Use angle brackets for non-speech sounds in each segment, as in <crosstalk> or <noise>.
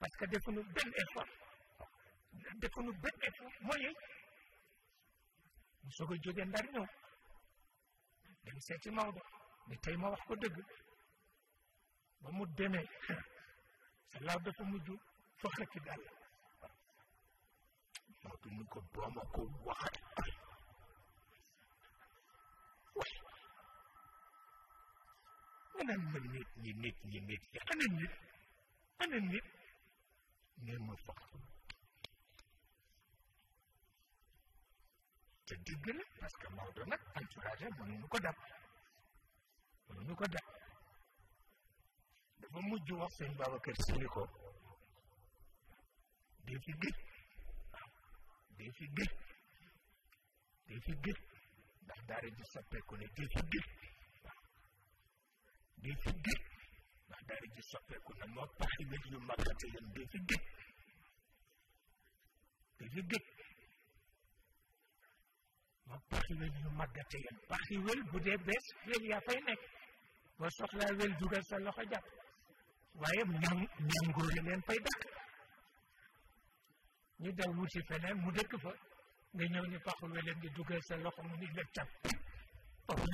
parce que defuñu benn effort defuñu benn effort mooy mu soog a jógee ndar ñëw dem seeti Maodo ne tey ma wax ko dëgg ba mu demee <laughs> sa law dafa mujj foxe ci dàll Maodo mu ko booma ko waxat way nga naan ma nit ñi nit ñi nit ana nit ana nit ngeen ma fa te dëgg la parce que Maodo nag entourage mënuñu ko dab mënuñu ko dab dafa mujj wax sëñ Babacar Si ni ko dee fi gëj waaw dee fi gëj dee fi gëj ndax daara ji soppeeku ne dee daal di soppeeku na moo paxi nag yu magate yam da ci gëj da ci gëj moo paxi wel yu magate yam paxi wel yaa fay nekk boo soxlaa wel dugal sa loxo jàpp waaye ñam ñam góore leen fay dàq ñu daw wuti feneen mu dëkk fa nga ñëw ni paxu welam di dugal sa loxo mu ni la càpp ba mu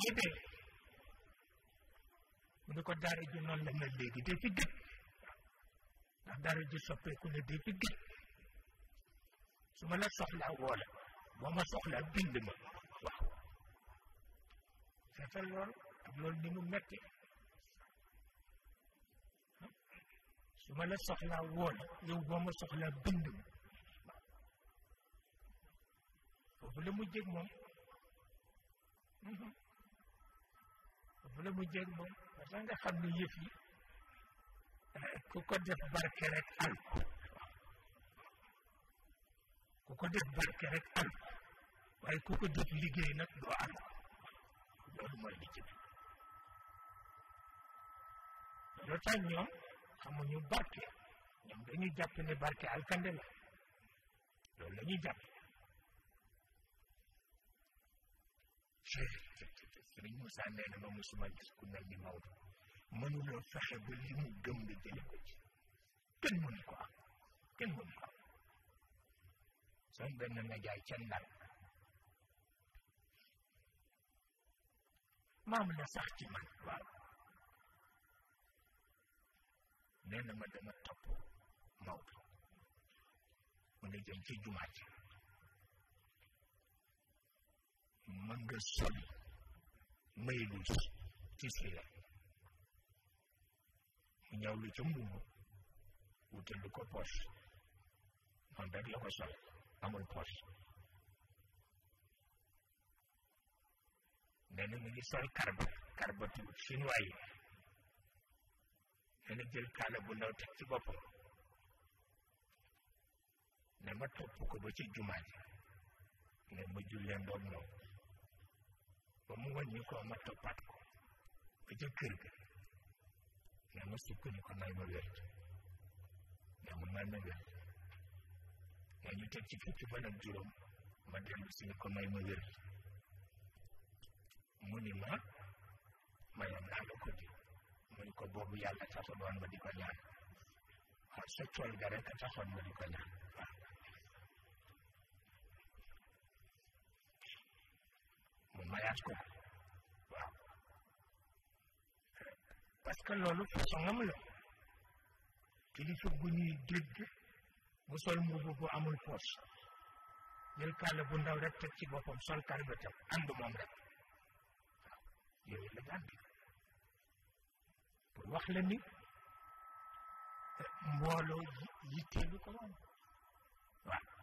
mu ne ko daara ju noonu la mel léegi dee fi gët daara ju soppeeku ne dee fi gët la soxlaa woo la boo ma soxlaa bind ma la soxlaa woo la yow boo ma soxlaa bind ma waaw mu jég moom foofu la mu jég moom mhm. na nga xam ne yëf yi eh, ku ko def barke rek al ku ko def barke rek al ko ku ko def liggéey nag doo al ko loolu mooy li ñoom xamuñu barke ñoom dañuy jàpp ne barke alkande la loolu la sëriñ Moussa nee na ma sax ci man waaw nee ma dama topp Maodo mu ne jëm ci jumaa ma nga sol maylus tiisi la ñaw lu ca mbubb wutal lu ko poche noonu amul poche nee na mu sol karba karbatu chinois yi na jël kaala bu ndaw teg ci boppam ne ma topp ba ci jumaa ne ma jullee ndoom moom ba mu wàññi ko ma toppaat ko ba ca kër ga ne ma ko may ma wér ne mu may ma wér ma ñu teg ci fukki fan ak juróom ma dellu si ko may ma wér mu ni ma mayoon naa la ko di mu ni ko boobu yàlla doon ma di ko ñaan waaw sa tool ga rek taxoon ma di ko ñaan waaw mayaat ko waaw parce que loolu façon am la kilifa gu ñuy dégg bu sol mbubu bu amul poche jël kàlla bu ndaw rek teg ci boppam sol karbetam ànd moom rek waaw yooyu la daan pour wax la ni mbooloo yitteelu ko moom waaw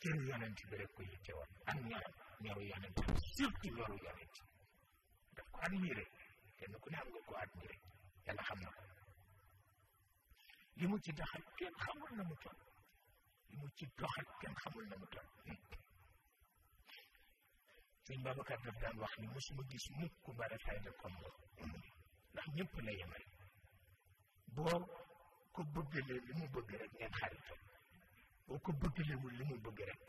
cëru yonent bi rek ko yittewoon ak ñoram ñoru yonent surtout ñoru yonent daf ko kenn ku ne am nga ko admiré yàlla xam na ko li ci doxal kenn xamul na mu toll li ci doxal kenn xamul na mu toll sëñ Babacar daf daan wax ni mosuma gis mukk ku bare fayda comme moom ndax ñëpp la yemal boo ko bëggalee li mu bëgg rek ngeen xaritam boo ko bëgg li mu li mu bëgg rek